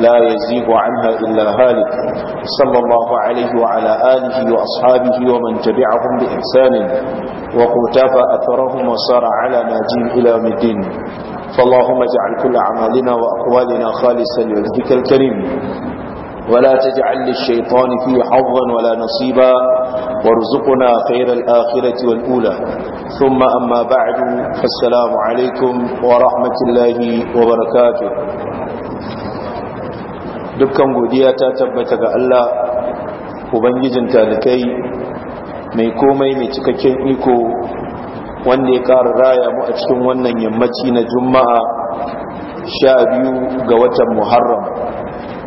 لا يزيغ عنها إلا هالك صلى الله عليه وعلى آله وأصحابه ومن تبعهم بإحسان وقتفى أثرهم وصار على ناجين إلى مدين فاللهم اجعل كل أعمالنا وأقوالنا خالصا لذلك الكريم ولا تجعل للشيطان فيه حظا ولا نصيبا وارزقنا خير الآخرة والأولى ثم أما بعد فالسلام عليكم ورحمة الله وبركاته dukkan godiya ta tabbata ga Allah ubangijin talikai mai komai mai cikakken iko wanda ya ƙara raya mu a cikin wannan yammaci na juma'a sha biyu ga watan muharram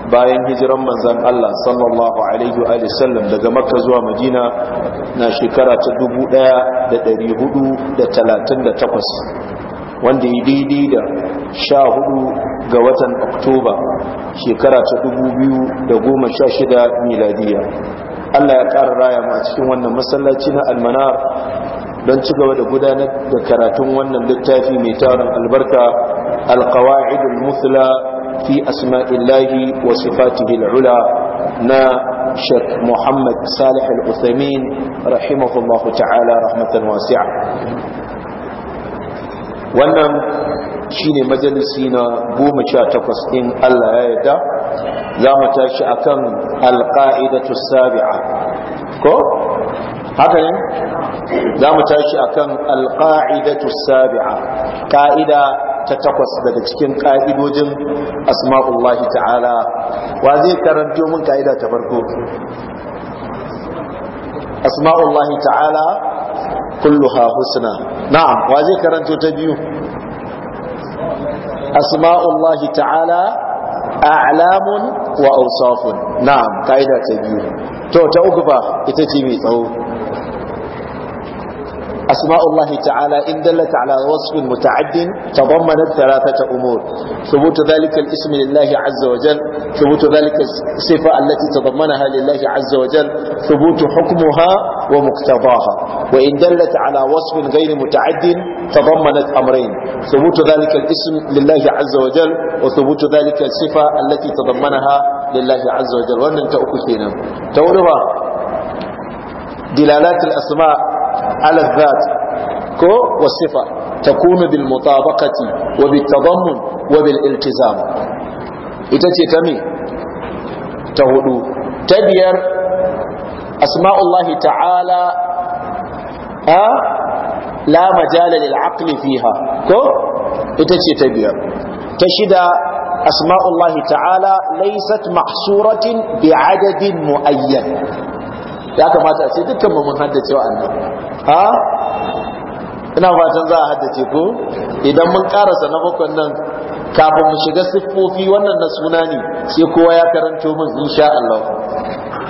bayan hijiran manzan Allah sallallahu alaihi wa daga makka zuwa madina na shekara ta dubu ɗaya da da da ɗari talatin takwas. wanda ya daidai da sha hudu ga watan oktoba shekara ta dubu biyu da goma sha shida miladiya allah ya ƙara raya ma a cikin wannan masallaci na almanar don ci gaba da gudanar da karatun wannan littafi mai tarin albarka alkawa'idul muthla fi asma'illahi wa sifatihi al'ula na shek muhammad صالح العثيمين رحمه الله تعالى رحمة wannan shi ne majalisi na goma sha takwas ɗin Allah ya yadda za mu tashi a akan alƙa'idatu sabi'a ko haka ne za mu tashi a akan alƙa'idatu sabi'a ƙa'ida ta takwas daga cikin ƙa'idojin asma'ullahi ta'ala wa zai karanto mun ƙa'ida ta farko asma'ullahi ta'ala kulluha husna na'am wa zai karanto ta biyu asma'ullahi ta'ala a a'lamun wa awsafun na'am kaida ta biyu to ta uku fa ita ce mai tsawo أسماء الله تعالى إن دلت على وصف متعد تضمنت ثلاثة أمور ثبوت ذلك الاسم لله عز وجل ثبوت ذلك الصفة التي تضمنها لله عز وجل ثبوت حكمها ومقتضاها وإن دلت على وصف غير متعد تضمنت أمرين ثبوت ذلك الاسم لله عز وجل وثبوت ذلك الصفة التي تضمنها لله عز وجل وأن أنت أكثينا تقولوا دلالات الأسماء على الذات كو والصفة تكون بالمطابقة وبالتضمن وبالالتزام إتتي تمي تهدو تبير أسماء الله تعالى ها آه، لا مجال للعقل فيها كو إتتي تبير تشد أسماء الله تعالى ليست محصورة بعدد معين ya kamata a ce dukkan mu mun haddace wa'annan ha ina fatan za a haddace ko idan mun karasa na bakon nan kafin mu shiga siffofi wannan na suna ne sai kowa ya karanto min insha Allah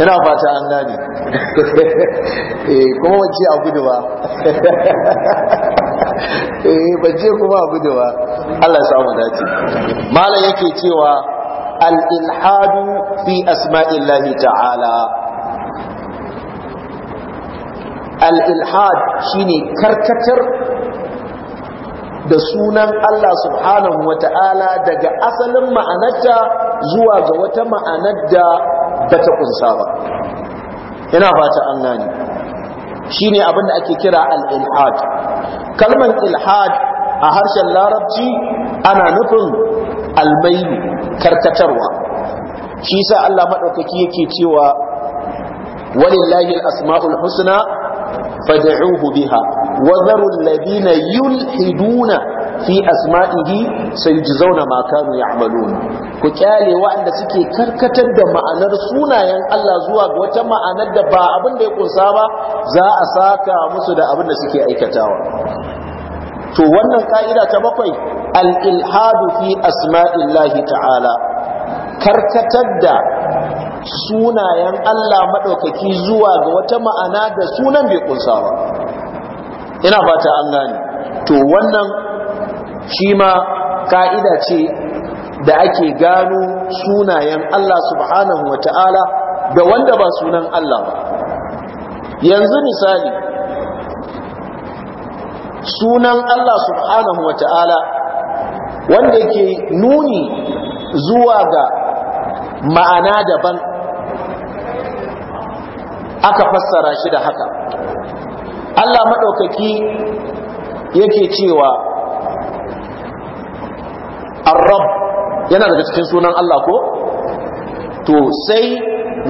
ina fata an gane eh kuma wace a gudu ba eh bace kuma a gudu ba Allah ya samu dace malam yake cewa al-ilhadu fi asma'illahi ta'ala al-ilhad shine karkatar da sunan Allah subhanahu wa ta'ala daga asalin ma'anarta zuwa ga wata ma'anar da bata kunsa ba ina fata an gani shine abin da ake kira al-ilhad kalmar ilhad a harshen larabci ana nufin almailu karkatarwa shi sa Allah madaukaki yake cewa walillahi al-asma'ul husna fad'uhu biha wa dharu alladhina yulhiduna fi asma'ihi sayujzauna ma kanu ya'malun ku kyale waɗanda suke karkatar da ma'anar sunayen Allah zuwa ga wata ma'anar da ba abin da ya kunsa ba za a saka musu da abin da suke aikatawa to wannan ka'ida ta bakwai al-ilhadu fi asma'illahi ta'ala karkatar da sunayen Allah maɗaukaki zuwa ga wata ma'ana da sunan bai kunsa ba ina fata an gane to wannan shi ma ka'ida ce da ake gano sunayen Allah subhanahu wa ta'ala da wanda ba sunan Allah ba yanzu misali sunan Allah subhanahu wa ta'ala wanda ke nuni zuwa ga ma'ana daban aka fassara shi da haka Allah maɗaukaki yake cewa arab yana daga cikin sunan Allah ko to sai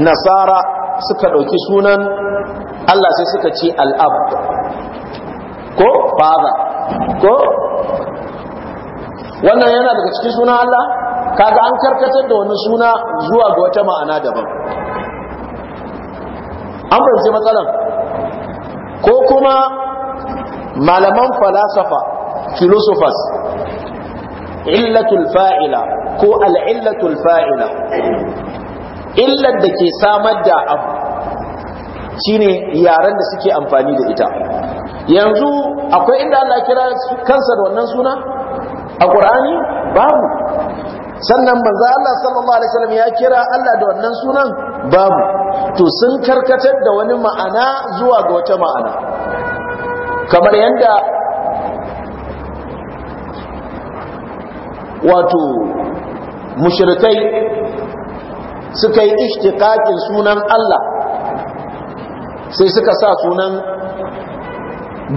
nasara suka ɗauki sunan Allah sai suka ce al'ab ko faɗa, ko wannan yana daga cikin sunan Allah kaga an karkatar da wani suna zuwa ga wata ma'ana daban an fahimci matsalar ko kuma malaman falasafa filosofas, illatul fa'ila ko al'illatul fa'ila illar da ke samar da abu shine yaren da suke amfani da ita yanzu akwai inda Allah kira kansa da wannan suna a Qur'ani babu sannan banza Allah sallallahu alaihi wasallam ya kira Allah da wannan sunan babu to sun karkatar da wani ma'ana zuwa ga wata ma'ana kamar yadda wato mushrikai suka yi ishtiqaqin sunan Allah sai suka sa sunan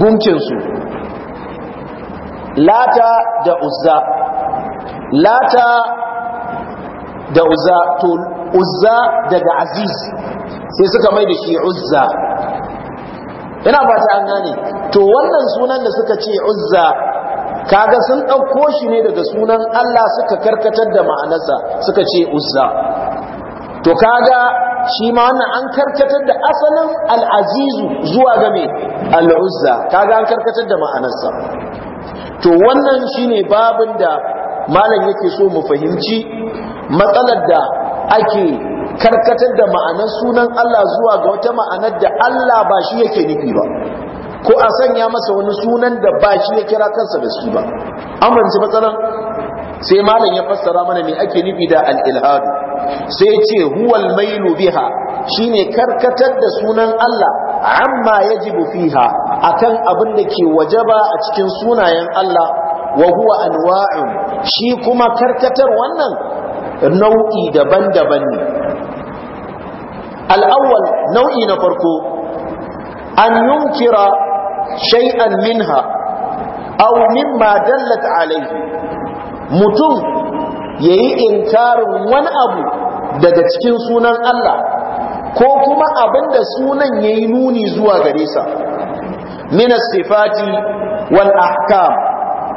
gunkinsu lata da uzza lata da uzza to uzza daga aziz sai suka mai da shi uzza ina ba ta an gane to wannan sunan da suka ce uzza kaga sun ɗauko shi ne daga sunan Allah suka karkatar da ma'anarsa suka ce uzza to kaga shi ma wannan an karkatar da asalin al'azizu zuwa ga me al'uzza kaga an karkatar da ma'anarsa to wannan shine babin da malam yake so mu fahimci matsalar da ake karkatar da ma'anar sunan Allah zuwa ga wata ma'anar da Allah ba shi yake nufi ba ko a sanya masa wani sunan da ba shi ya kira kansa da shi ba amince matsalan sai malam ya fassara mana me ake nufi da al-ilhadu sai ce huwal mailu biha shine karkatar da sunan Allah amma yajibu fiha akan abin da ke wajaba a cikin sunayen Allah wa huwa anwa'un shi kuma karkatar wannan nau'i daban-daban ne al'awwal nau'i na farko an yunkira shay'an minha aw mimma dallat alayhi mutum yayi inkarin wani abu daga cikin sunan Allah ko kuma abinda sunan yayi nuni zuwa gare sa min as-sifati wal ahkam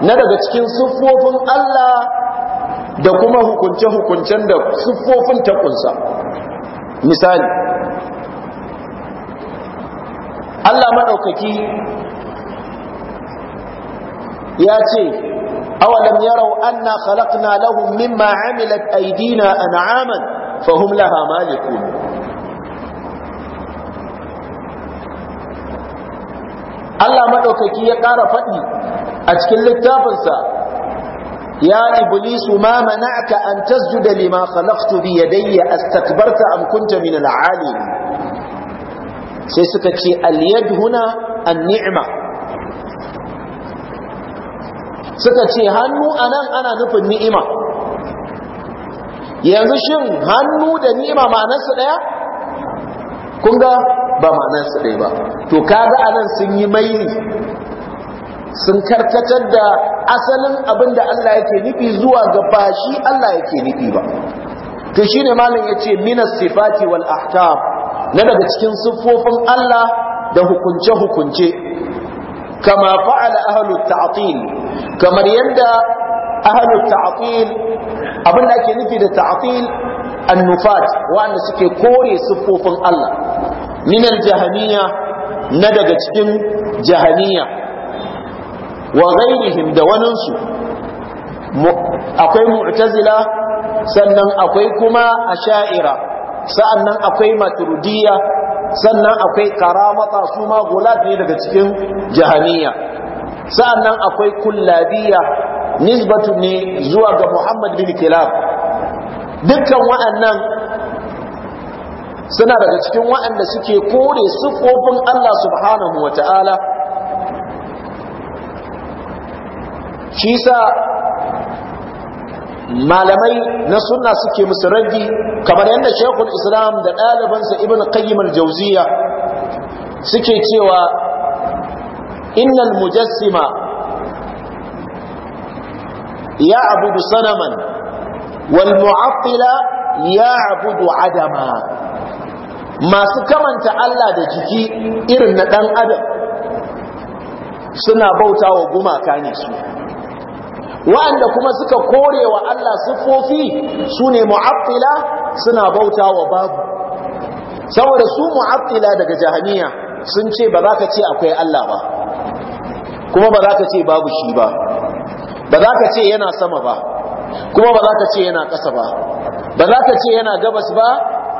na daga cikin siffofin Allah da kuma hukunce-hukuncen da siffofin ta misali Allah maɗaukaki ya ce awalam yarau anna khalaqna lahum mimma amilat aydina an'aman fahum laha malikun Allah maɗaukaki ya ƙara faɗi a cikin littafinsa ya iblisu ma mana'aka an tasjuda lima khalaqtu bi yadayya astakbarta am kunta min al sai suka ce al huna an-ni'ma suka ce hannu anan ana nufin ni'ima yanzu shin hannu da ni'ima ma'anarsa daya kun ga ba daya ba to kaga anan sun yi maili sun karkatar da asalin abin da Allah yake nufi zuwa ga ba shi Allah yake nufi ba to shine malam yace minas sifati wal ahkam na daga cikin siffofin Allah da hukunce hukunce kama fa'ala ahlu ta'til kamar yadda ahlu ta'til abin da ake nufi da ta'til annufat wanda suke kore siffofin Allah minal jahaniya na daga cikin jahaniya wa ghairihim da waninsu akwai mu'tazila sannan akwai kuma asha'ira sa'annan akwai maturidiyya sannan akwai karamata su ma gulat ne daga cikin jahaniya sa'annan akwai kullabiyya nisbatu ne zuwa ga Muhammad bin Kilab dukkan wa'annan suna daga cikin wa'anda suke kore siffofin Allah subhanahu wa ta'ala shi sa malamai na sunna suke musu raddi kamar yadda shekul islam da ɗalibansa ibn qayyim al-jawziya suke cewa innal mujassima ya abudu sanaman wal mu'attila ya abudu adama masu kamanta Allah da jiki irin na ɗan adam suna bauta wa gumaka ne su wa'anda kuma suka kore wa Allah sufofi su ne mu'abtila suna bauta wa babu saboda su mu'abtila daga jahaniya sun ce ba za ka ce akwai Allah ba kuma ba za ka ce babu shi ba ba za ka ce yana sama ba kuma ba za ka ce yana ƙasa ba ba za ka ce yana gabas ba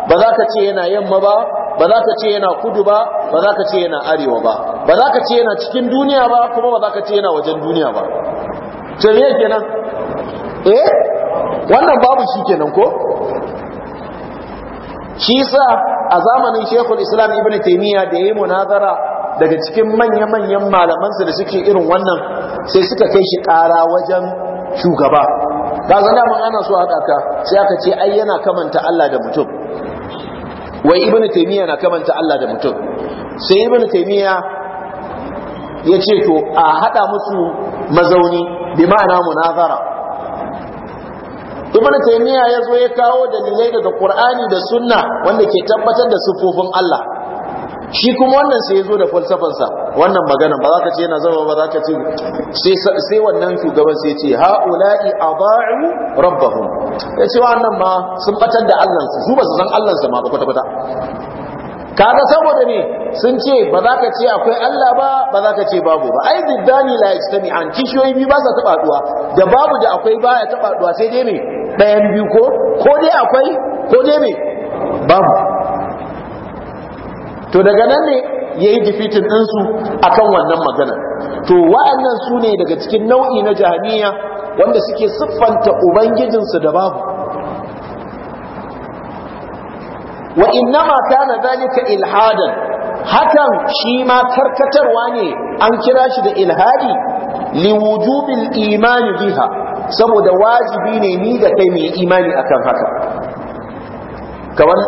ba za ka ce yana yamma ba ba za ka ce yana kudu ba ba za ka ce yana arewa ba ba za ka ce yana cikin duniya ba kuma ba za ka ce yana wajen duniya ba yake kenan eh wannan babu shi kenan ko shi sa a zamanin shekul islam ibn taimiyya da ya yi munazara daga cikin manya-manyan malamansu da suke irin wannan sai suka kai shi kara wajen shugaba ba zana man ana so haɗa ka sai aka ce ai yana kamanta Allah da mutum wai ibn taimiyya na kamanta Allah da mutum sai ibn taimiyya ya ce to a haɗa musu mazauni bi ma'ana munazara ibn taymiya yazo ya kawo dalilai daga qur'ani da sunna wanda ke tabbatar da sufofin Allah shi kuma wannan sai ya zo da falsafansa wannan magana ba za ka ce yana zama ba za ka ce sai wannan shugaban sai ce ha'ula'i aba'u rabbahum ya ce wannan ma sun batar da Allah su ba su san Allah ma ba kwata kwata kaga saboda ne sun ce ba za ka ce akwai Allah ba ba za ka ce babu ba ai diddani la yajtami an kishiyoyi biyu ba sa taba duwa da babu da akwai ba ya taba duwa sai dai me ɗayan biyu ko ko dai akwai ko dai me babu to daga nan ne yayi difitin din su akan wannan magana to wa'annan su ne daga cikin nau'i na jahaniya wanda suke siffanta ubangijinsu da babu wa innama kana zalika ilhadan hakan shi ma karkatarwa ne an kira shi da ilhadi li wujubil imani biha saboda wajibi ne ni da kai mai imani akan haka kamar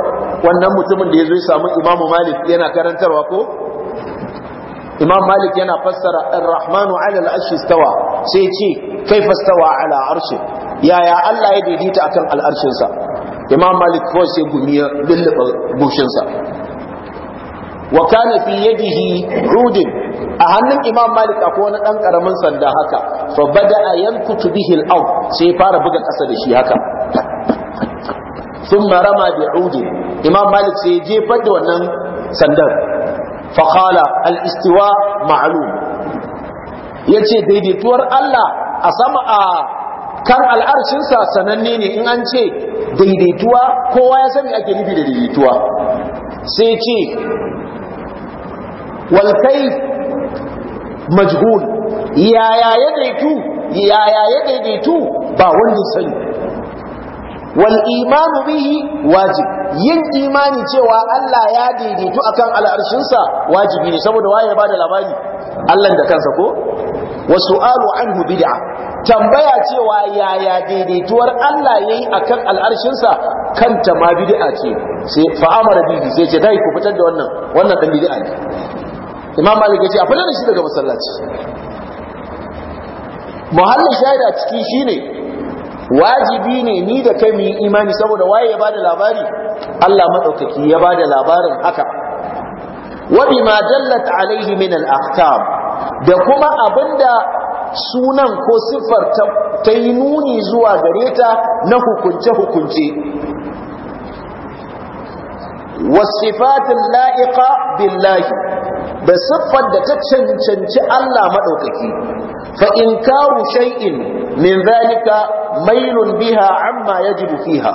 wannan mutumin da ya zo ya samu imamu malik yana karantarwa ko imam malik yana fassara ar-rahmanu ala al-arshi stawa sai ce kaifa stawa ala arshi yaya Allah ya daidaita akan al-arshin sa imam malik kawai sai gumi ya lullaba wa kana fi yadihi rudin a hannun imam malik akwai wani dan karamin sanda haka fa bada'a yankutu bihi al-aw sai fara buga kasa da shi haka thumma rama bi udin imam malik sai ya jefar da wannan sandar fa qala al-istiwa ma'lum yace daidaituwar Allah a sama a kan sa sananne ne in an ce daidaituwa kowa ya sani ake nufi da daidaituwa sai ce walkai majhul yaya ya daidaitu? yaya ya daidaitu ba wanda sani wal imanu bihi wajib yin imani cewa Allah ya daidaitu akan sa wajibi ne saboda waye ya bada labari Allah da kansa ko wa su'alu anhu bid'a tambaya cewa yaya daidaituwar Allah yayi akan al'arshinsa kanta ma bid'a ce sai fa'amar amara sai ce dai ku fitar da wannan wannan dan bid'a ne Imam Malik ce a fitar da shi daga masallaci muhallin shaida ciki shine wajibi ne ni da kai mu yi imani saboda waye ya bada labari Allah maɗaukaki ya bada labarin haka wa bima dallat alaihi min al-ahkam da kuma abinda sunan ko siffar ta yi nuni zuwa gare ta na hukunce-hukunce wasifatin la'iƙa billahi da siffar da ta cancanci Allah maɗaukaki fa in karu shay'in min zalika mailun biha amma jiru fiha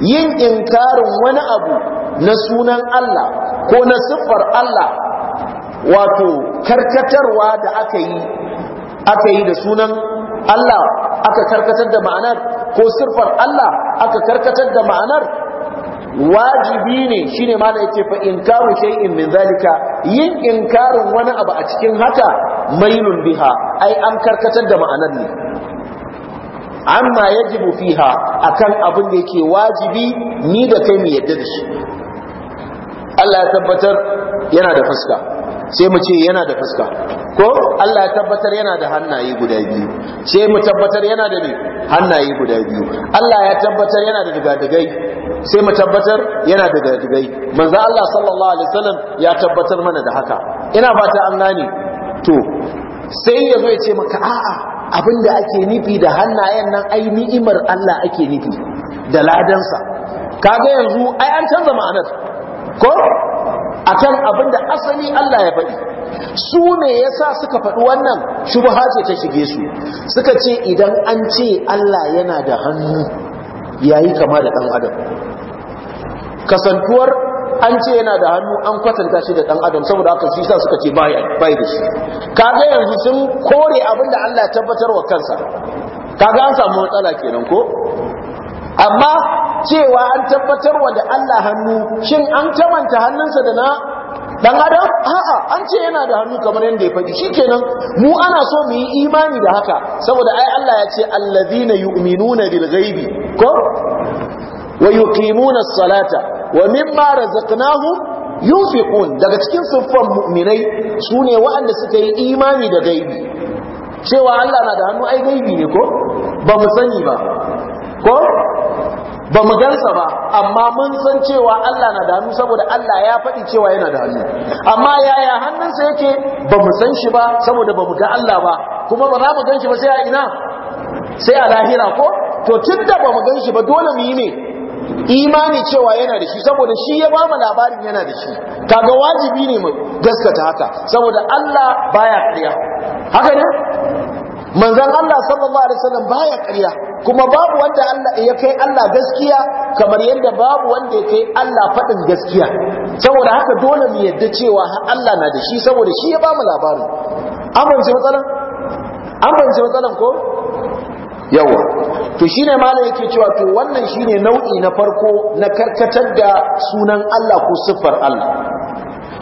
yin inkarin wani abu na sunan Allah ko na siffar Allah wato karkatarwa da aka yi aka yi da sunan Allah aka karkatar da ma'anar ko sirfar Allah aka karkatar da ma'anar wajibi ne shine ma da yake fa inkaru shay'in min zalika yin inkarin wani abu a cikin haka mailun biha ai an karkatar da ma'anar ne amma yajibu fiha akan abin da yake wajibi ni da kai mu yadda da shi Allah ya tabbatar yana da fuska sai mu ce yana da fuska ko Allah ya tabbatar yana da hannaye guda biyu sai mu tabbatar yana da ne hannaye guda biyu Allah ya tabbatar yana da digadigai sai mu tabbatar yana da digadigai manzo Allah sallallahu alaihi wasallam ya tabbatar mana da haka ina fata an gane to sai yazo ya ce maka a'a abinda ake nufi da hannayen nan ai ni'imar Allah ake nufi da ladansa kaga yanzu ai an canza ma'anar ko akan abin da asali Allah ya faɗi su ne ya sa suka faɗi wannan shubha ce ta shige su suka ce idan an ce Allah yana da hannu yayi kama da ɗan adam kasantuwar an ce yana da hannu an kwatanta shi da ɗan adam saboda haka shi sa suka ce bai da shi kaga yanzu sun kore abin da Allah ya tabbatar wa kansa kaga an samu matsala kenan ko amma cewa an tabbatar wa da Allah hannu shin an tamanta hannunsa da na dan adam a'a an ce yana da hannu kamar yadda ya faɗi shikenan mu ana so mu yi imani da haka saboda ai Allah ya ce allazina yu'minuna bil ghaibi ko wa yuqimuna as-salata wa mimma razaqnahum yunfiqun daga cikin siffan mu'minai sune waɗanda suka yi imani da gaibi cewa Allah na da hannu ai gaibi ne ko ba mu sani ba ko ba mu gansa ba amma mun san cewa Allah na da hannu saboda Allah ya faɗi cewa yana da hannu amma yaya hannunsa yake ba mu san shi ba saboda ba mu ga Allah ba kuma ba za mu gan shi ba sai a ina sai a lahira ko to tun da ba mu gan shi ba dole mu yi ne imani cewa yana da shi saboda shi ya ba mu labarin yana da shi kaga wajibi ne mu gaskata haka saboda Allah baya ƙarya haka ne manzon Allah sallallahu alaihi wasallam baya karya, kuma babu wanda Allah ya kai Allah gaskiya kamar yadda babu wanda ya kai Allah faɗin gaskiya saboda haka dole mu yadda cewa Allah na da shi saboda shi ya ba mu labarin an fahimci matsalan an fahimci matsalan ko yawa to shine malam yake cewa to wannan shine nau'i na farko na karkatar da sunan Allah ko siffar Allah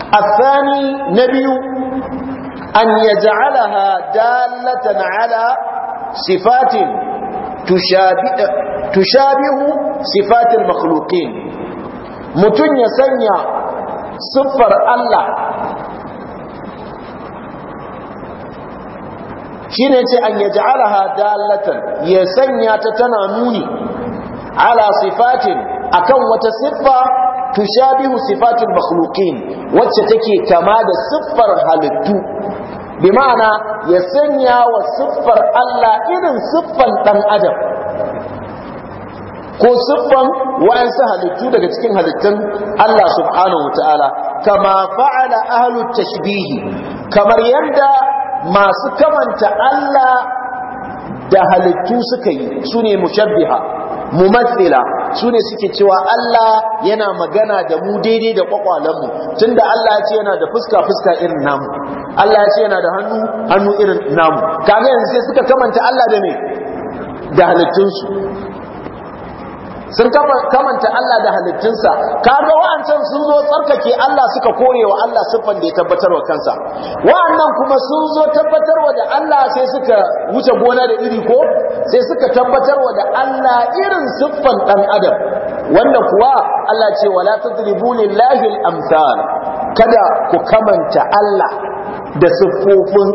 الثاني biyu. an yaj'alaha dallatan ala sifatin tushabihu sifatil makhluqin mutun ya sanya siffar Allah shine ce an yaj'alaha dallatan ya sanya ta tana nuni ala sifatin akan wata siffa tushabihu sifatin makhluqin wacce take kama da siffar halittu bi ma'ana ya sanya wa siffar Allah irin siffan ɗan adam ko siffan wa'ansu halittu daga cikin halittun Allah subhanahu wa ta'ala kama fa'ala ahlu tashbihi kamar yadda masu kamanta Allah da halittu suka yi sune ne mushabbiha mumathila su ne suke cewa Allah yana magana da mu daidai da kwakwalenmu tunda Allah ya ce yana da fuska fuska irin namu Allah ya ce yana da hannu hannu irin namu kaga yanzu sai suka kamanta Allah da me da halittunsu sun kamanta Allah da halittunsa kaga wa'ancan sun zo tsarkake Allah suka kore wa Allah siffan da ya tabbatar wa kansa wa'annan kuma sun zo tabbatar wa da Allah sai suka wuce gona da iri ko sai suka tabbatar wa da Allah irin siffan dan adam wanda kuwa Allah ce wala tadribu lillahi al-amsal kada ku kamanta Allah da siffofin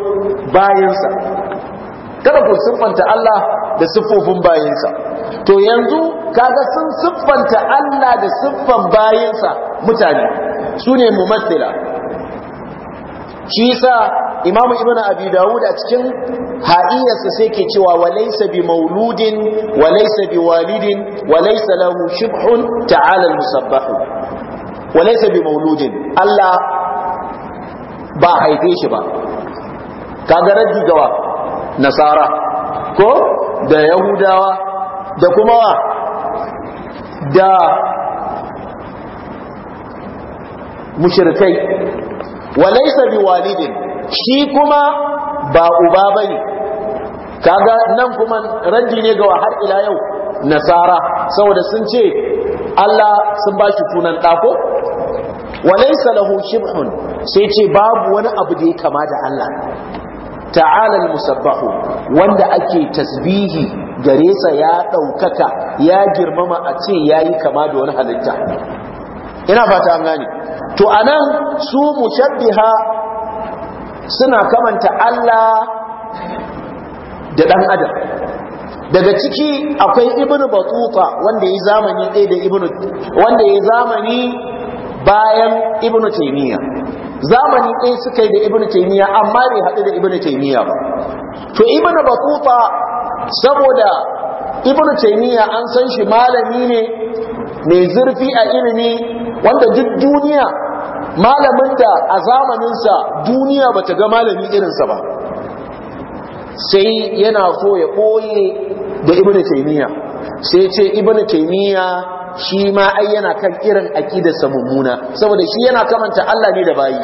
bayansa kada ku siffanta Allah da siffofin bayansa to yanzu kaga sun siffanta Allah da siffan bayansa mutane sune ne mumathila shi yasa Imam Ibn Abi Dawud a cikin ha'iyarsa sai ke cewa laysa bi mauludin laysa bi walidin laysa lahu shibhun ta'ala al-musabbah laysa bi mauludin Allah ba haife shi ba kaga raddi gawa nasara ko da yahudawa da kuma wa da mushrikai bi walidin shi kuma ba uba bane kaga nan kuma raddi ne gawa har ila yau nasara saboda sun ce Allah sun ba shi tunan ɗako walaysa lahu shibhun sai ce babu wani abu da ya kama da Allah ta'ala al-musabbahu wanda ake tasbihi gare sa ya daukaka ya girmama a ce yayi kama da wani halitta ina fata an gane to anan su mushabbiha suna kamanta Allah da dan adam daga ciki akwai ibnu batuta wanda yayi zamani ɗaya da ibnu wanda yayi zamani bayan ibnu taymiya zamani ɗaya suka yi da ibnu taymiya amma bai haɗu da ibnu taymiya ba to ibnu batuta saboda ibnu taymiya an san shi malami ne mai zurfi a ilimi wanda duk duniya malamin da a zamanin sa duniya bata ga malami irin sa ba sai yana so ya ɓoye da ibnu taymiya sai ce ibnu taymiya shi ma ai yana kan irin aqidarsa mummuna saboda shi yana kamanta Allah ne da bayi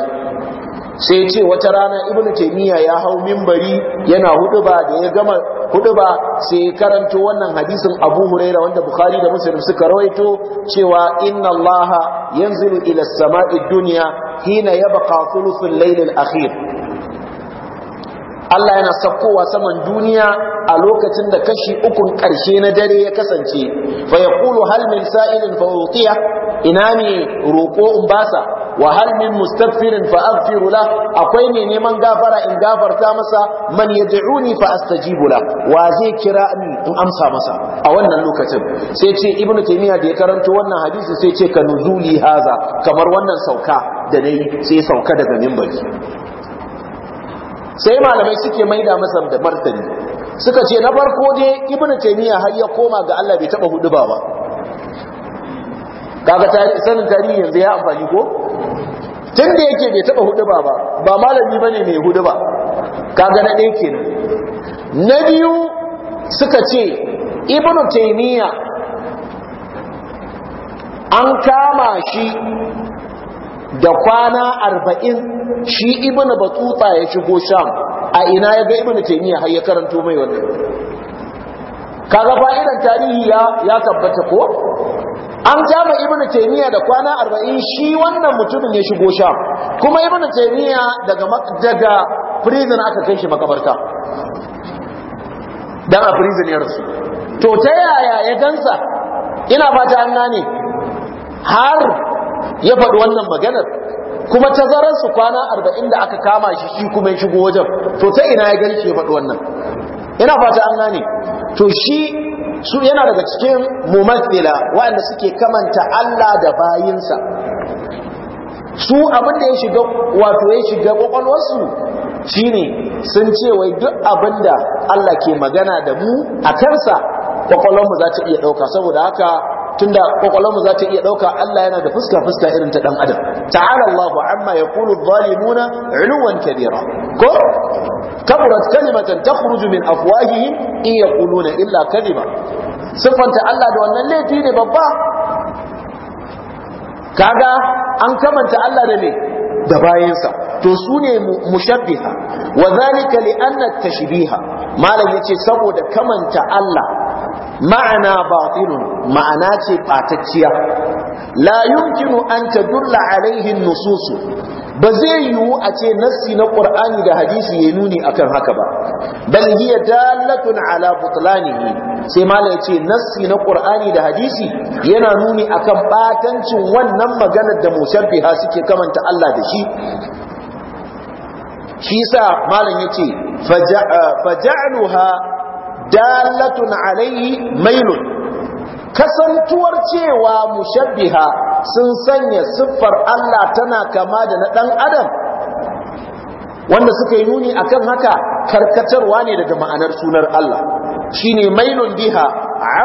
sai ce wata rana ibnu taymiya ya hau minbari yana huduba da ya gama huduba sai karanto wannan hadisin abu huraira wanda bukhari da muslim suka rawaito cewa inna allaha yanzilu ila samai dunya hina yabqa thuluthul layl al-akhir Allah yana wa saman duniya a lokacin da kashi ukun ƙarshe na dare ya kasance fa ya ƙulu halmin sa'ilin fa ina ne roƙo in basa wa halmin min fa akwai ne neman gafara in gafarta masa man yad'uni fa astajibu wa zai kira ni in amsa masa a wannan lokacin sai ce ibnu taymiya da ya karanto wannan hadisi sai ce ka nuzuli haza kamar wannan sauka da nayi sai sauka daga mimbari sai malamai suke maida masa da martani suka ce na farko dai ibnu taymiya har ya koma ga Allah bai taba hudu ba ba. kaga sanin tarihi yanzu ya amfani ko tun da yake bai taba hudu ba ba malami ne mai hudu ba kaga na ɗaya kenan na biyu suka ce ibnu taymiya an kama shi da kwana arba'in shi ibn batuta ya shigo sham a ina ya ga ibn taimiyya har ya karanto mai wannan kaga fa'idan tarihi ya tabbata ko an kama ibn taimiyya da kwana arba'in shi wannan mutumin ya shigo sham kuma ibn taimiyya daga daga prison aka kai shi makabarta dan a prison ya rasu to ta yaya ya gansa ina fata ta ne har ya faɗi wannan maganar kuma tazararsu kwana arba'in da aka kama shi shi kuma ya shigo wajen to ta ina ya gani shi ya faɗi wannan ina fata an gane to shi su yana daga cikin mumathila waɗanda suke kamanta Allah da bayinsa su abin da ya shiga wato ya shiga kwakwalwarsu shine sun ce wai duk abin da Allah ke magana da mu a kansa kwakwalwarmu za ta iya ɗauka saboda haka tunda mu za ta iya ɗauka Allah yana da fuska fuska irin ta ɗan adam ta'ala Allahu amma yaqulu adh-dhalimuna 'uluwan kabira ko kaburat kalimatan takhruju min afwahihim in yaquluna illa kalima. sifanta Allah da wannan laifi ne babba kaga an kamanta Allah da me da bayansa to su ne mushabbiha wa zalika li tashbiha malam yace saboda kamanta Allah ma'ana batilun ma'ana ce batacciya la yumkinu an tadulla alaihi nusus ba zai yiwu a ce nassi na qur'ani da hadisi ya nuni akan haka ba bal hiya dalatun ala butlanihi sai malai ce nassi na qur'ani da hadisi yana nuni akan batancin wannan maganar da musabbiha suke kamanta Allah da shi shi sa malam yace faja'luha dalatun alaihi mailun kasantuwar cewa mushabbiha sun sanya siffar Allah tana kama da na ɗan adam wanda suka yi nuni akan haka karkatarwa ne daga ma'anar sunar Allah shine mailun biha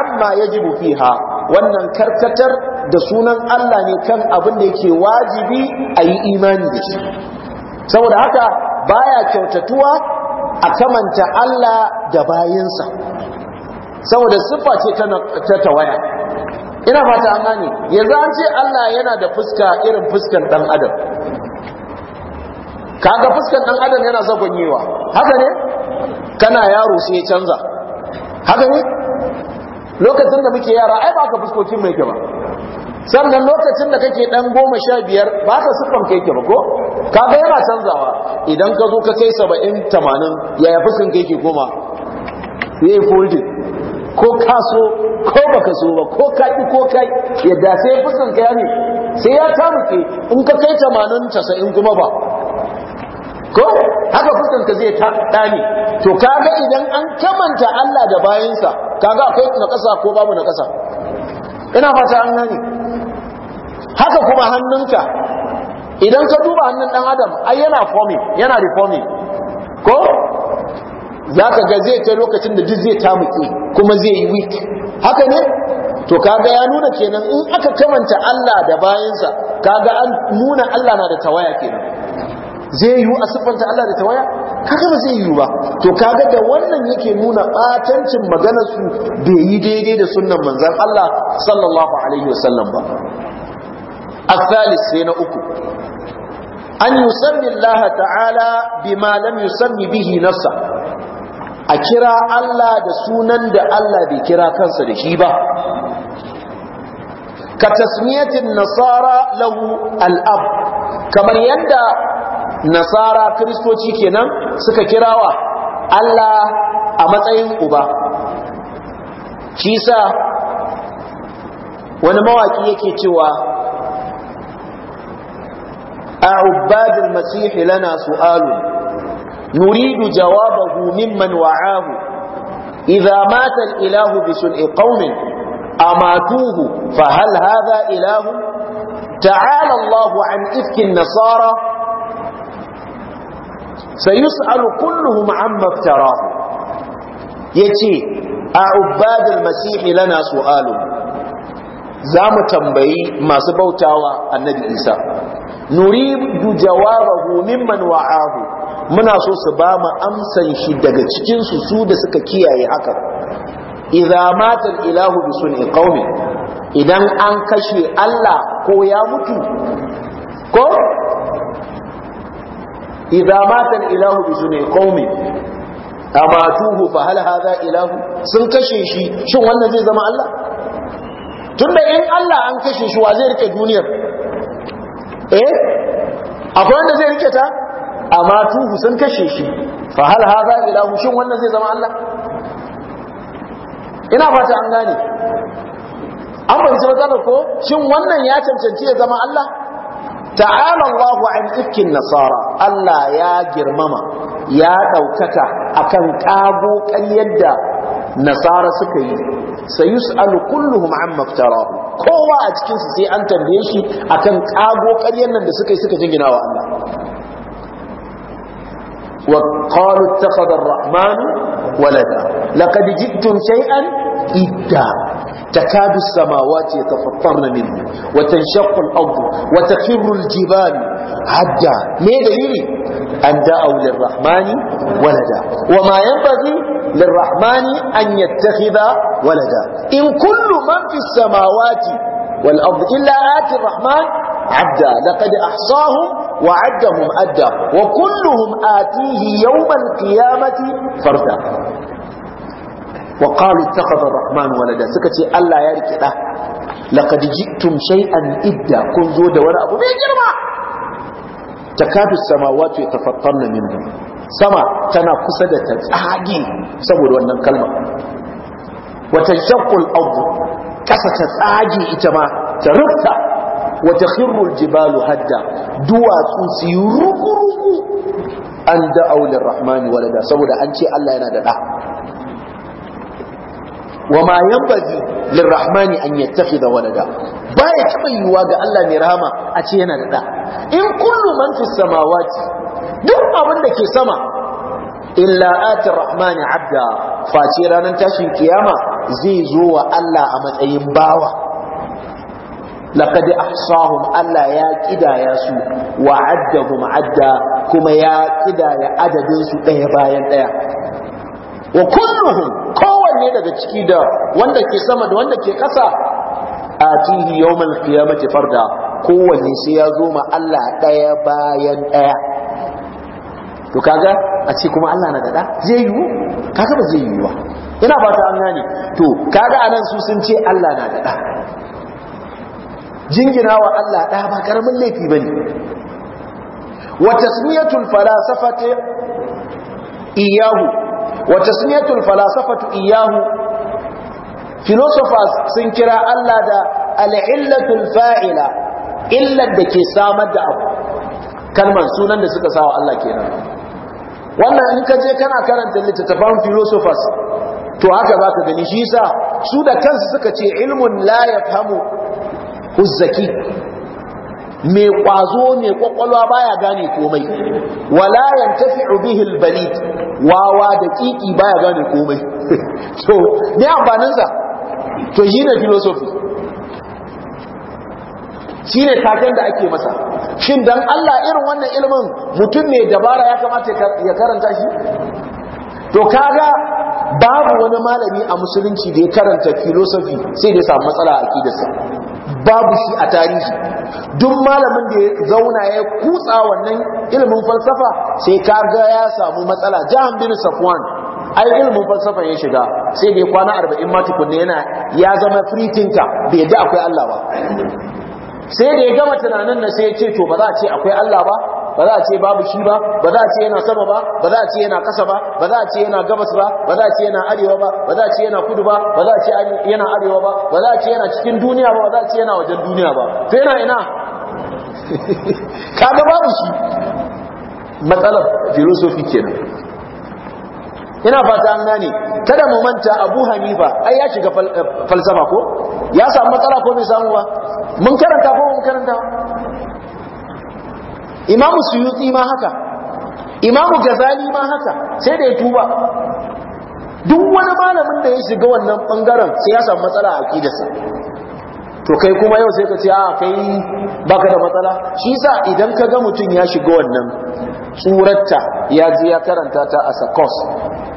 amma yajibu fiha wannan karkatar da sunan Allah ne kan abin da yake wajibi ayi imani da shi saboda haka baya kyautatuwa a kamanta Allah da bayinsa saboda siffa ce ta tawaya ina fata an gane yanzu an ce Allah yana da fuska irin fuskan dan adam kaga fuskan dan adam yana zagonyewa haka ne kana yaro sai ya canza haka ne lokacin da muke yara ai ba ka fuskoki mai gaba sannan lokacin da kake dan goma sha biyar ba ka siffan kai ba ko kaga yana canzawa idan ka zo ka kai saba'in tamanin yaya fuskan kai ke koma ya yi fulgin ko ka so ko ba ka so ba ko ka ki ko kai yadda sai fuskan ka ne sai ya ke in ka kai tamanin casa'in kuma ba ko haka fuskan ka zai ta dani to kaga idan an kamanta Allah da bayansa kaga akwai na kasa ko babu na kasa ina fata an gani. haka kuma hannunka idan ka duba hannun dan adam ai yana forming yana reforming ko za ka ga zai kai lokacin da duk zai tamuke kuma zai yi weak haka ne to kaga ya nuna kenan in aka kamanta Allah da bayansa kaga an nuna Allah na da tawaya kenan zai yi a sifanta Allah da tawaya kaga ba zai yi ba to kaga da wannan yake nuna batancin maganar su bai yi daidai da sunnan manzon Allah sallallahu alaihi wasallam ba الثالث سينا أكو أن يسمي الله تعالى بما لم يسمي به نفسه أكرا الله دا سونا دا الله بكرا كنسا دا شيبا كتسمية النصارى له الأب كما يندى نصارى كريستوتي كنا سكا كراوة الله أمتعين أبا شيسا wani mawaki yake cewa عباد المسيح لنا سؤال نريد جوابه ممن وعاه إذا مات الإله بسوء قوم أماتوه فهل هذا إله تعالى الله عن إفك النصارى سيسأل كلهم عما افتراه يتي أعباد المسيح لنا سؤال za mu tambayi masu bautawa annabi isa nuridu jawabahu mimman wa'ahu muna so su ba mu amsan shi daga cikin su su da suka kiyaye haka idza mata ilahu bi sunni qaumi idan an kashe Allah ko ya mutu ko idza mata ilahu bi sunni qaumi amatuhu fa hal hadha ilahu sun kashe shi shin wannan zai zama Allah tunda in Allah an kashe shi wa zai rike duniyar eh akwai wanda zai rike ta amma tuhu sun kashe shi fa hal hadha ilahu shin wannan zai zama Allah ina fata an gane an shi matsalar ko shin wannan ya cancanci ya zama Allah ta'ala Allah an ikkin nasara Allah ya girmama ya daukaka akan kago kan yadda nasara suka yi sayus'alu kulluhum amma iftarahu kowa a cikin su sai an tambaye shi akan kago ƙaryan nan da suka yi suka jingina wa Allah wa qalu ittakhadha ar-rahman walada laqad jittum shay'an idda takadu as-samawati yatafattarna minhu wa tanshaqqu al-ardu wa takhirru al-jibalu hadda me dalili an da'u lir-rahmani walada wa ma yanbaghi للرحمن أن يتخذ ولدا إن كل من في السماوات والأرض إلا آتي الرحمن عبدا لقد أحصاهم وعدهم أدى وكلهم آتيه يوم القيامة فردا وقالوا اتخذ الرحمن ولدا سكتي ألا يارك له لقد جئتم شيئا إدى كن زود ولا أبو بيجرما تكاد السماوات يتفطرن منه sama tana kusa da ta tsage saboda wannan kalma wata shakul abu kasa ta tsage ita ma ta rufta wata khirrul jibalu hadda duwatsu su yi rukuruku an da aulin rahmani walada saboda an ce Allah yana da ɗa wa ma yambazi lil rahmani an yattakhidha walada baya taba yiwuwa ga Allah ne rahama a ce yana da ɗa in kullu man fi samawati duk abin da ke sama illa ati rahmani abda face ranar tashin kiyama zai zo wa Allah a matsayin bawa laqad ahsahum Allah ya kidaya su wa addahum adda kuma ya kidaya adadin su daya bayan daya wa kulluhum kowanne daga ciki da wanda ke sama da wanda ke kasa atihi yawmal qiyamati farda kowanne sai ya zo ma Allah daya bayan daya to kaga a ce kuma Allah na da zai yiwu kaga ba zai yiwu ba ina ba ta an gane to kaga anan su sun ce Allah na da jingina wa Allah da ba karamin laifi bane wa tasmiyatul falasafati iyahu wa tasmiyatul falasafatu iyahu philosophers sun kira Allah da al-illatul fa'ila illar da ke samar da abu kalmar sunan da suka sawa Allah kenan wannan in ka je kana karanta littattafan philosophers to haka za ka gani shi yasa su da kansu suka ce ilmun la famu uzzaki mai kwazo mai kwakwalwa baya gane komai wala yantafi'u bihi albalid wawa da kiki baya gane komai to ne amfanin sa to ne philosophy Shi ne taken da ake masa shin dan Allah irin wannan ilimin mutum ne dabara ya kamata ya karanta shi to kaga babu wani malami a musulunci da ya karanta philosophy sai da samu matsala a akidarsa babu shi a tarihi duk malamin da ya zauna ya kutsa wannan ilimin falsafa sai kaga ya samu matsala jahan bin safwan ai ilimin falsafa ya shiga sai da ya kwana arba'in ma tukunna yana ya zama free thinker bai yadda akwai Allah ba sai da ya gama tunanin nan sai ya ce to ba za a ce akwai Allah ba ba za a ce babu shi ba ba za a ce yana sama ba ba za a ce yana ƙasa ba ba za a ce yana gabas ba ba za a ce yana arewa ba ba za a ce yana kudu ba ba za a ce yana arewa ba ba za a ce yana cikin duniya ba ba za a ce yana wajen duniya ba to yana ina kaga babu shi Matsala filosofi kenan ina fata an gane kada mu manta Abu Hanifa ai ya shiga falsafa ko ya samu matsala ko bai samu ba mun karanta ko mun karanta imamu suyuti ma haka imamu gazali ma haka sai da ya tuba duk wani malamin da ya shiga wannan bangaren sai ya samu matsala a aqidarsa to kai kuma yau sai ka ce a kai baka da matsala shi yasa idan ka ga mutum ya shiga wannan tsuratta ya ji ya karanta ta a sakos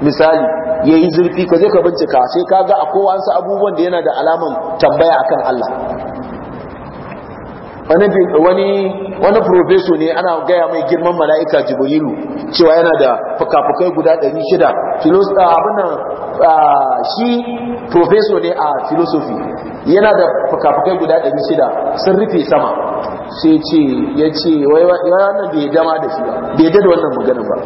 misali yayi zurfi ka zai ka bincika sai ka ga a kowansa abubuwan da yana da alaman tambaya akan Allah wani wani profeso ne ana gaya mai girman mala'ika jibrilu cewa yana da fukafukai guda 600 nan, shi profeso ne a filosofi yana da fukafukai guda 600 sun rufe sama sai ce ya ce wannan bai dama da shi ba bai da wannan maganin ba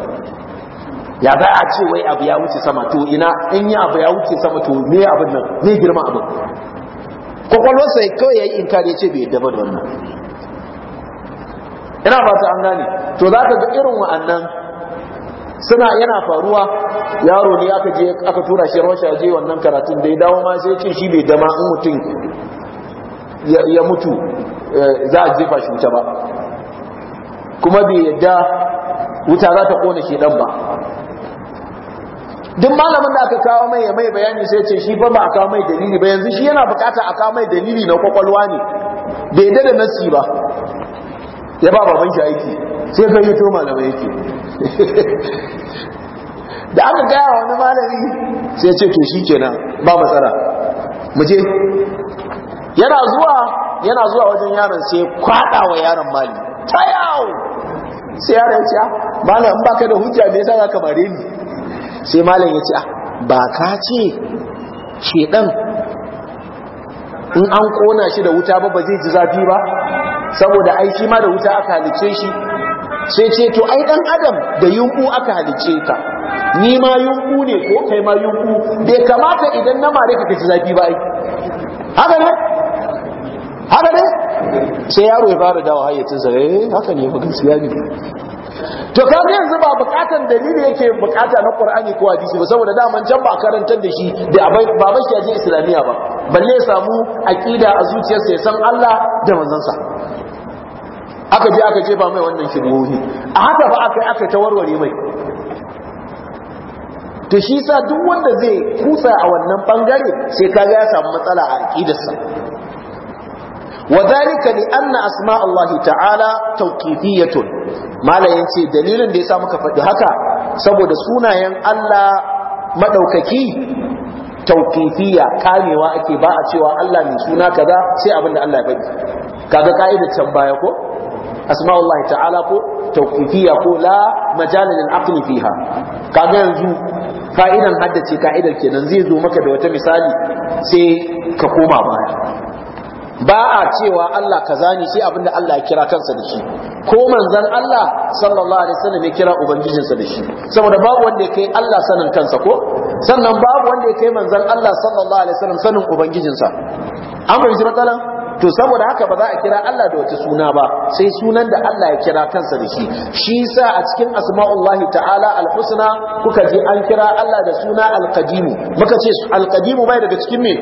ya ba a ce wai abu ya wuce sama to ina in yi abu ya wuce sama to me abin nan me girma abin sai kawai ya yi inkari ya ce bai yadda ba da wannan ina ba ta an gane to za ka ga irin wa'annan suna yana faruwa yaro ne aka je aka tura shi rasha je wannan karatun da ya dawo ma sai ce shi bai dama in mutum ya mutu eh, za a jefa shi wuta ba kuma bai yadda wuta za ta kone shi dan ba duk malamin da aka kawo mai mai bayani sai ce shi fa ba a kawo mai dalili ba yanzu shi yana bukata a kawo mai dalili na kwakwalwa ne bai da da nasi ba ya ba baban shi aiki sai ka yi to malamai yake da aka gaya wa wani malami sai ce to shi kenan ba matsala mu je yana zuwa yana zuwa wajen yaron sai kwada wa yaron mali ta yawo sai yaron ya ce ah, malam in baka da hujja me yasa ka bare ni sai malam ya ce ah, ba ka ce ɗan in an kona shi da wuta ba ba zai ji zafi ba saboda ai ma da wuta aka halice shi sai ce to ai ɗan adam da yunku aka halice ka ni ma yunku ne ko kai ma yunku bai kamata idan na mare ka ji zafi ba ne haka ne sai yaro ya fara dawo hayyacinsa eh haka ne gaskiya ne to kaga yanzu ba bukatan dalili yake bukata na Qur'ani ko hadisi ba saboda da man can karantar da shi da abai baba je shi aje islamiya ba balle ya samu aqida a zuciyarsa ya san Allah da sa aka je aka jefa mai wannan shirmohi a haka ba aka aka ta warware mai to shi sa duk wanda zai kusa a wannan bangare sai kaga ya samu matsala a aqidarsa وذلك لأن أسماء الله تعالى توقيفية ما لا ينسي دليل دي سامك فدهكا سبو دسونا ين ألا مدوككي توقيفية كامي وأكي باء سوى ألا من سونا كذا سي سيأبن ألا يبدي كذا قائدة تنبايا كو أسماء الله تعالى كو توقيفية كو لا مجال للعقل فيها كذا ينزو fa'idan haddace ka'idar kenan zai zo maka da wata misali sai ka ba a cewa Allah kaza ne sai abinda Allah ya kira kansa da shi ko manzon Allah sallallahu alaihi wasallam ya kira ubangijinsa da shi saboda babu wanda ya kai Allah sanin kansa ko sannan babu wanda ya kai manzon Allah sallallahu alaihi wasallam sanin ubangijinsa an fahimci matsalan to saboda haka ba za a kira Allah da wata suna ba sai sunan da Allah ya kira kansa da shi shi yasa a cikin asma'ullahi ta'ala al-husna kuka ji an kira Allah da suna al-qadim muka ce al-qadim bai daga cikin me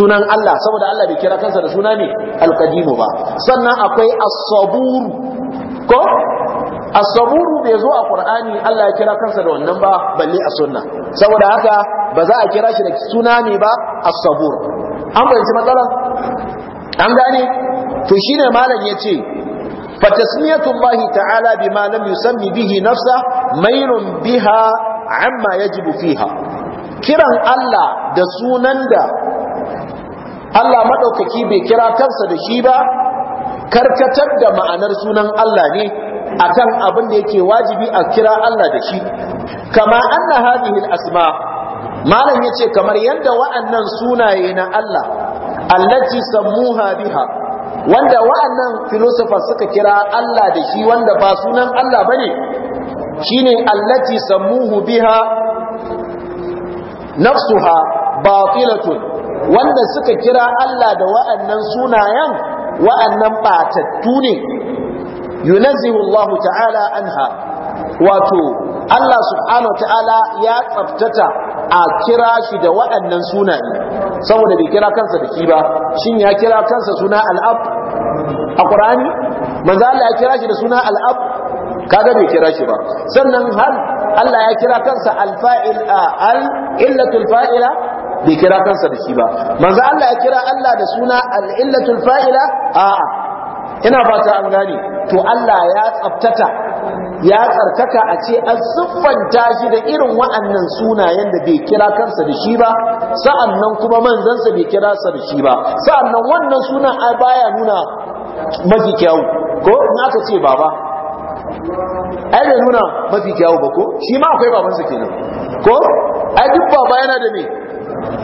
sunan Allah saboda Allah bai kira kansa da suna ne alqadimu ba sannan akwai as-sabur ko as-sabur bai zo a Qur'ani Allah ya kira kansa da wannan ba balle a sunna saboda haka ba za a kira shi da suna ne ba as-sabur an bayyana matsalar an gane to shine malam yace فتسمية الله ta'ala بما لم يسمي به نفسه ميل بها عما يجب فيها kiran Allah da sunan da Allah maɗaukaki bai kira kansa da shi ba karkatar da ma'anar sunan Allah ne akan abin da yake wajibi a kira Allah da shi kama anna asma malam yace kamar yadda wa'annan sunaye na Allah allati sammuha biha wanda wa'annan philosophers suka kira Allah da shi wanda ba sunan Allah bane shine allati sammuhu biha nafsuha batilatun wanda suka kira Allah da wa'annan sunayen wa'annan ɓatattu ne yunazzihu Allah ta'ala anha wato Allah subhanahu wa ta'ala ya tsaftata a kira shi da wa'annan sunaye saboda bai kira kansa da shi ba shin ya kira kansa suna al'ab a Qur'ani manzo Allah ya kira shi da suna al'ab kaga bai kira shi ba sannan har Allah ya kira kansa al-fa'il al illatul fa'ila bai kira kansa da shi ba manzo Allah ya kira Allah da suna al-illatul fa'ila a'a ina fata an gane to Allah ya tsaftata ya tsarkaka a ce an siffanta shi da irin wa'annan sunayen da bai kira kansa da shi ba sa'annan kuma manzansa bai kira sa da shi ba sa'annan wannan suna a baya nuna mafi kyau ko in aka ce baba ai bai nuna mafi kyau ba ko shi ma akwai babansa kenan ko ai duk baba yana da me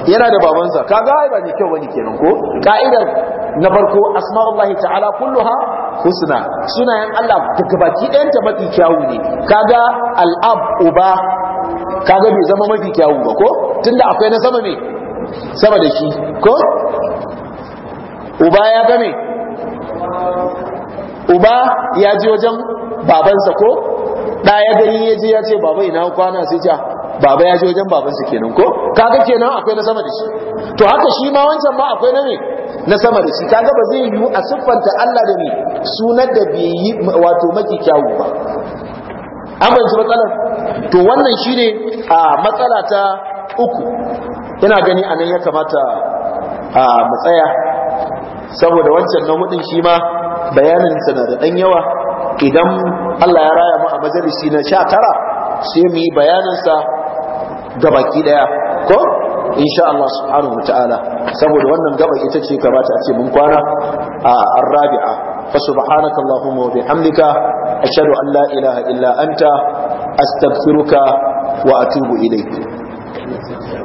yana da babansa ka ga ba ne kyau wani kenan ko ka'idar na farko asma'ullahi ta'ala kulluha husna sunayen Allah daga baki ɗayanta mafi kyawu ne kaga al'ab uba kaga bai zama mafi kyawu ba ko tunda akwai na sama me sama da shi ko uba ya game uba ya ji wajen babansa ko ɗaya gani ya je ya ce baba ina kwana sai ja baba ya je wajen babansa kenan ko kaga kenan akwai na sama da shi to haka shi ma wancan ma akwai na ne na sama da shi kaga ba zai yiwu a siffanta Allah da ni sunan da bai yi wato maki kyawu ba an banci matsalar to wannan shine a matsala ta uku ina gani anan ya kamata a mu saboda wancan na hudin shi ma bayanin sa na da dan yawa idan Allah ya raya mu a majalisi na 19 sai mu yi bayanin sa gabaki daya ko insha Allah subhanahu wataala saboda wannan gaba ita ce kamata a ce mun kwana a arabi'a fa subhanaka allahumma wa bihamdika ashhadu an la ilaha illa anta astaghfiruka wa atubu ilayk